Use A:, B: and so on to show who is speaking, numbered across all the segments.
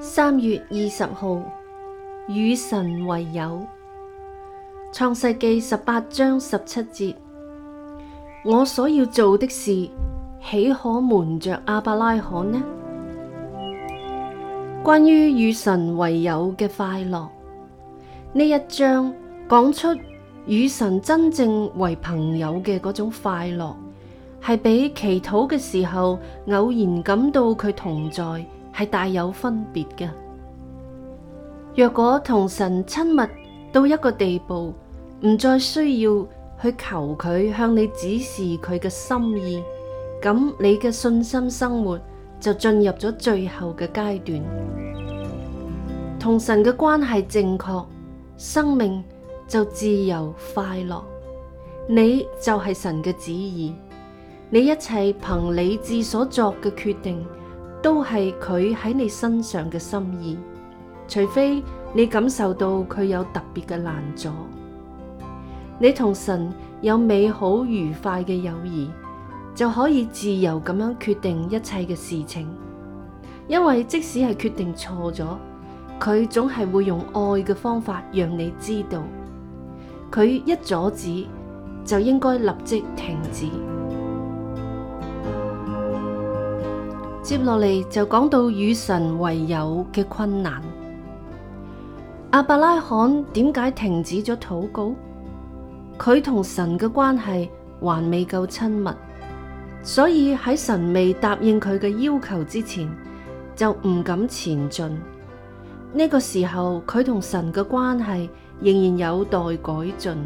A: 三月二十號，與神為友，創世記十八章十七節。我所要做的事，豈可瞞着亞伯拉罕呢？關於與神為友嘅快樂，呢一章講出與神真正為朋友嘅嗰種快樂。係比祈禱嘅時候偶然感到佢同在，係大有分別嘅。若果同神親密到一個地步，唔再需要去求佢向你指示佢嘅心意，咁你嘅信心生活就進入咗最後嘅階段。同神嘅關係正確，生命就自由快樂，你就係神嘅旨意。你一切憑理智所作嘅決定，都係佢喺你身上嘅心意，除非你感受到佢有特別嘅難阻。你同神有美好愉快嘅友誼，就可以自由咁樣決定一切嘅事情，因為即使係決定錯咗，佢總係會用愛嘅方法讓你知道，佢一阻止，就應該立即停止。接落嚟就講到與神為友嘅困難。阿伯拉罕點解停止咗禱告？佢同神嘅關係還未夠親密，所以喺神未答應佢嘅要求之前，就唔敢前進。呢個時候佢同神嘅關係仍然有待改進。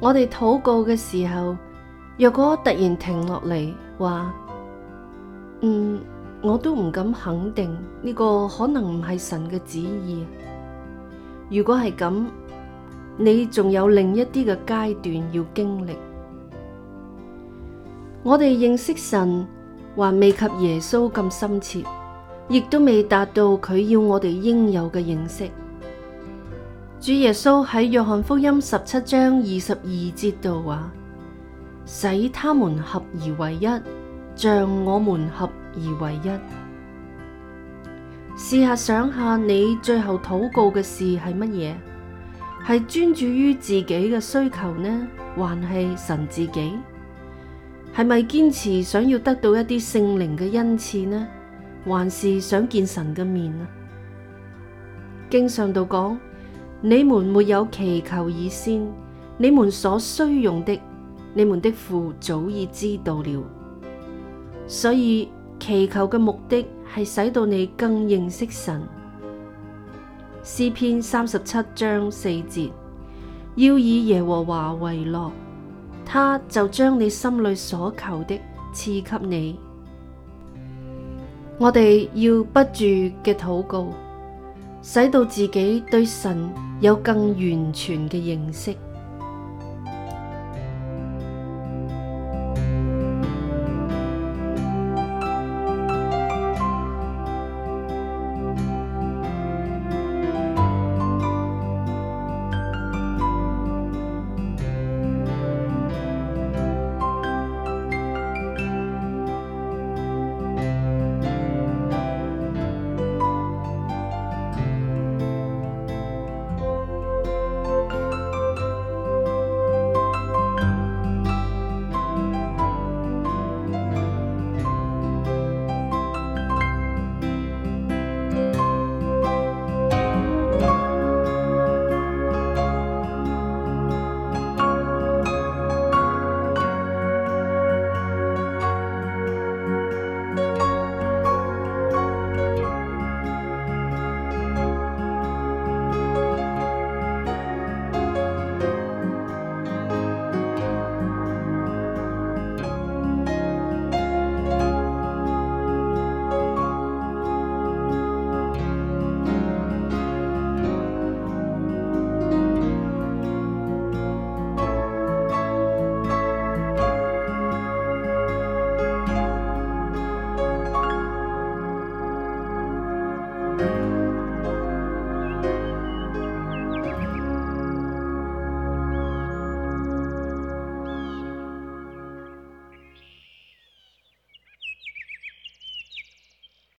A: 我哋禱告嘅時候，若果突然停落嚟。話嗯，我都唔敢肯定呢個可能唔係神嘅旨意。如果係咁，你仲有另一啲嘅階段要經歷。我哋認識神，還未及耶穌咁深切，亦都未達到佢要我哋應有嘅認識。主耶穌喺約翰福音十七章二十二節度話：使他們合而為一。像我們合而為一。試下想下，你最後禱告嘅事係乜嘢？係專注於自己嘅需求呢，還係神自己？係咪堅持想要得到一啲聖靈嘅恩賜呢？還是想見神嘅面啊？經上度講，你們沒有祈求以先，你們所需用的，你們的父早已知道了。所以祈求嘅目的係使到你更認識神。詩篇三十七章四節，要以耶和華為樂，他就將你心裏所求的賜給你。我哋要不住嘅禱告，使到自己對神有更完全嘅認識。